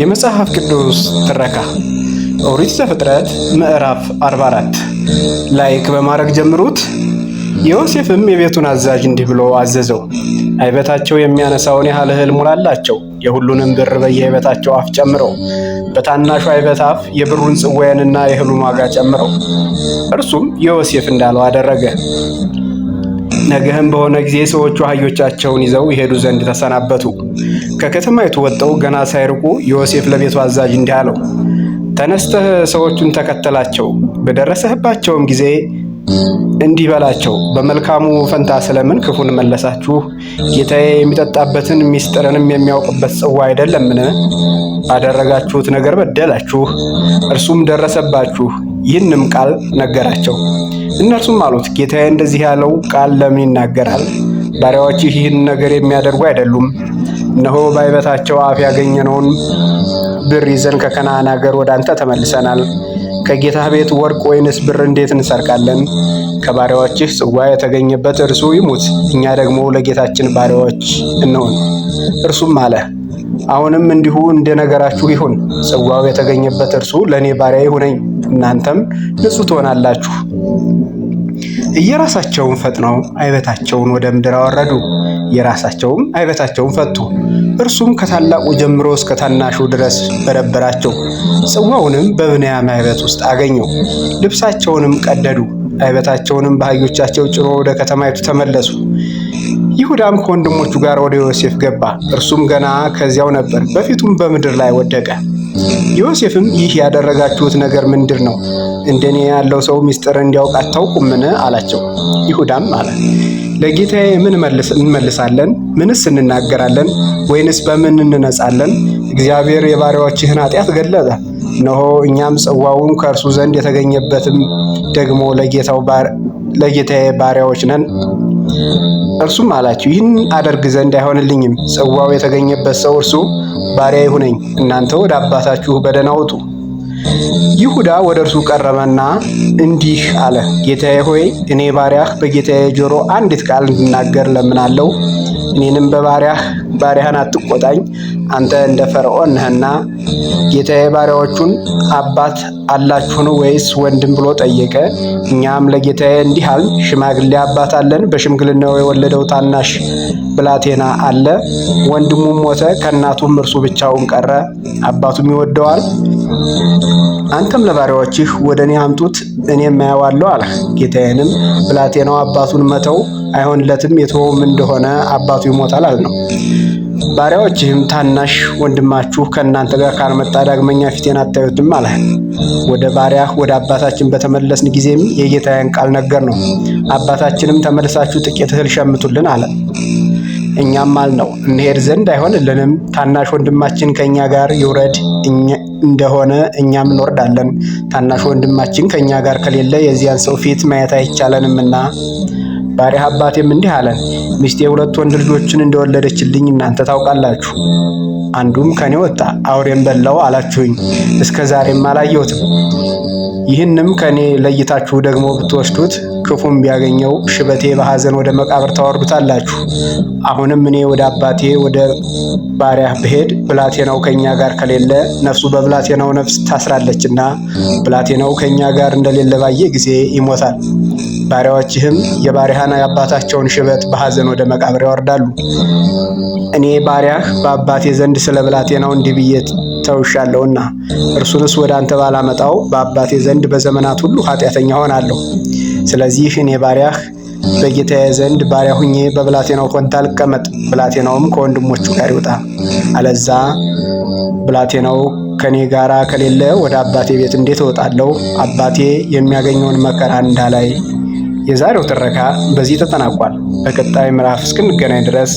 የመጽሐፍ ቅዱስ ትረካ ኦሪት ዘፍጥረት ምዕራፍ 44 ላይክ በማድረግ ጀምሩት። ዮሴፍም የቤቱን አዛዥ እንዲህ ብሎ አዘዘው፣ አይበታቸው የሚያነሳውን ያህል እህል ሙላላቸው፣ የሁሉንም ብር በየአይበታቸው አፍ ጨምረው፣ በታናሹ አይበት አፍ የብሩን ጽዋዬንና የእህሉን ዋጋ ጨምረው። እርሱም ዮሴፍ እንዳለው አደረገ። ነገህም በሆነ ጊዜ ሰዎቹ አህዮቻቸውን ይዘው ይሄዱ ዘንድ ተሰናበቱ። ከከተማይቱ ወጥተው ገና ሳይርቁ ዮሴፍ ለቤቱ አዛዥ እንዲህ አለው፣ ተነስተህ ሰዎቹን ተከተላቸው። በደረሰህባቸውም ጊዜ እንዲህ በላቸው፣ በመልካሙ ፈንታ ስለምን ክፉን መለሳችሁ? ጌታዬ የሚጠጣበትን ሚስጥርንም የሚያውቅበት ጽዋ አይደለምን? ባደረጋችሁት ነገር በደላችሁ፣ እርሱም ደረሰባችሁ። ይህንም ቃል ነገራቸው። እነርሱም አሉት ጌታዬ እንደዚህ ያለው ቃል ለምን ይናገራል? ባሪያዎች ይህን ነገር የሚያደርጉ አይደሉም። እነሆ ባይበታቸው አፍ ያገኘነውን ብር ይዘን ከከነዓን አገር ወደ አንተ ተመልሰናል። ከጌታ ቤት ወርቅ ወይንስ ብር እንዴት እንሰርቃለን? ከባሪያዎችህ ጽዋ የተገኘበት እርሱ ይሙት፣ እኛ ደግሞ ለጌታችን ባሪያዎች እንሆን። እርሱም አለ አሁንም እንዲሁ እንደነገራችሁ ይሁን፣ ጽዋው የተገኘበት እርሱ ለእኔ ባሪያ ይሁነኝ እናንተም ንጹህ ትሆናላችሁ። እየራሳቸውን ፈጥነው አይበታቸውን ወደ ምድር አወረዱ፣ የራሳቸውም አይበታቸውን ፈቱ። እርሱም ከታላቁ ጀምሮ እስከ ታናሹ ድረስ በረበራቸው። ጽዋውንም በብንያም አይበት ውስጥ አገኘው። ልብሳቸውንም ቀደዱ፣ አይበታቸውንም በአህዮቻቸው ጭኖ ወደ ከተማይቱ ተመለሱ። ይሁዳም ከወንድሞቹ ጋር ወደ ዮሴፍ ገባ፣ እርሱም ገና ከዚያው ነበር። በፊቱም በምድር ላይ ወደቀ። ዮሴፍም ይህ ያደረጋችሁት ነገር ምንድር ነው? እንደኔ ያለው ሰው ምስጢር እንዲያውቅ አታውቁምን? አላቸው። ይሁዳም አለ ለጌታዬ ምን እንመልሳለን? ምንስ እንናገራለን? ወይንስ በምን እንነጻለን? እግዚአብሔር የባሪያዎችህን ኃጢአት ገለጠ። እነሆ እኛም ጽዋውን ከእርሱ ዘንድ የተገኘበትም ደግሞ ለጌታዬ ባሪያዎች ነን እርሱም አላቸው ይህን አደርግ ዘንድ አይሆንልኝም። ጽዋው የተገኘበት ሰው እርሱ ባሪያ ይሁነኝ፣ እናንተ ወደ አባታችሁ በደህና ውጡ። ይሁዳ ወደ እርሱ ቀረበና እንዲህ አለ፣ ጌታዬ ሆይ እኔ ባሪያህ በጌታዬ ጆሮ አንዲት ቃል እንድናገር ለምናለው፣ እኔንም በባሪያህ ባሪያህን አትቆጣኝ አንተ እንደ ፈርዖን ነህና ጌታዬ ባሪያዎቹን አባት አላችሁን ወይስ ወንድም ብሎ ጠየቀ። እኛም ለጌታዬ እንዲህ አል ሽማግሌ አባት አለን፣ በሽምግልናው የወለደው ታናሽ ብላቴና አለ። ወንድሙም ሞተ፣ ከእናቱም እርሱ ብቻውን ቀረ፣ አባቱም ይወደዋል። አንተም ለባሪያዎችህ ወደ እኔ አምጡት፣ እኔም አየዋለሁ አልህ። ጌታዬንም ብላቴናው አባቱን መተው አይሆንለትም፣ የተወውም እንደሆነ አባቱ ይሞታል አል ነው ባሪያዎችህም ታናሽ ወንድማችሁ ከእናንተ ጋር ካልመጣ ዳግመኛ ፊቴን አታዩትም አለ። ወደ ባሪያህ ወደ አባታችን በተመለስን ጊዜም የጌታዬን ቃል ነገር ነው። አባታችንም ተመልሳችሁ ጥቂት እህል ሸምቱልን አለ። እኛም አልነው እንሄድ ዘንድ አይሆንልንም፣ ታናሽ ወንድማችን ከእኛ ጋር ይውረድ እንደሆነ እኛም እንወርዳለን። ታናሽ ወንድማችን ከእኛ ጋር ከሌለ የዚያን ሰው ፊት ማየት አይቻለንምና ባሪያህ አባቴም እንዲህ አለን፣ ሚስቴ ሁለት ወንድ ልጆችን እንደወለደችልኝ እናንተ ታውቃላችሁ። አንዱም ከኔ ወጣ አውሬም በላው አላችሁኝ፣ እስከ ዛሬም አላየሁትም። ይህንም ከኔ ለይታችሁ ደግሞ ብትወስዱት ክፉም ቢያገኘው ሽበቴ በሐዘን ወደ መቃብር ታወርዱታላችሁ። አሁንም እኔ ወደ አባቴ ወደ ባሪያህ ብሄድ ብላቴናው ከእኛ ጋር ከሌለ ነፍሱ በብላቴናው ነፍስ ታስራለችና ብላቴናው ከእኛ ጋር እንደሌለ ባየ ጊዜ ይሞታል። ባሪያዎችህም የባሪያህን የአባታቸውን ሽበት በሐዘን ወደ መቃብር ያወርዳሉ። እኔ ባሪያህ በአባቴ ዘንድ ስለ ብላቴናው እንዲህ ብዬ ተውሻለሁና እርሱንስ ወደ አንተ ባላመጣው በአባቴ ዘንድ በዘመናት ሁሉ ኃጢአተኛ ሆናለሁ። ስለዚህ እኔ ባሪያህ በጌታዬ ዘንድ ባሪያ ሁኜ በብላቴናው ኮንታ ልቀመጥ፣ ብላቴናውም ከወንድሞቹ ጋር ይውጣ። አለዛ ብላቴናው ከኔ ጋራ ከሌለ ወደ አባቴ ቤት እንዴት እወጣለሁ? አባቴ የሚያገኘውን መከራ እንዳላይ የዛሬው ትረካ በዚህ ተጠናቋል። በቀጣይ ምዕራፍ እስክንገናኝ ድረስ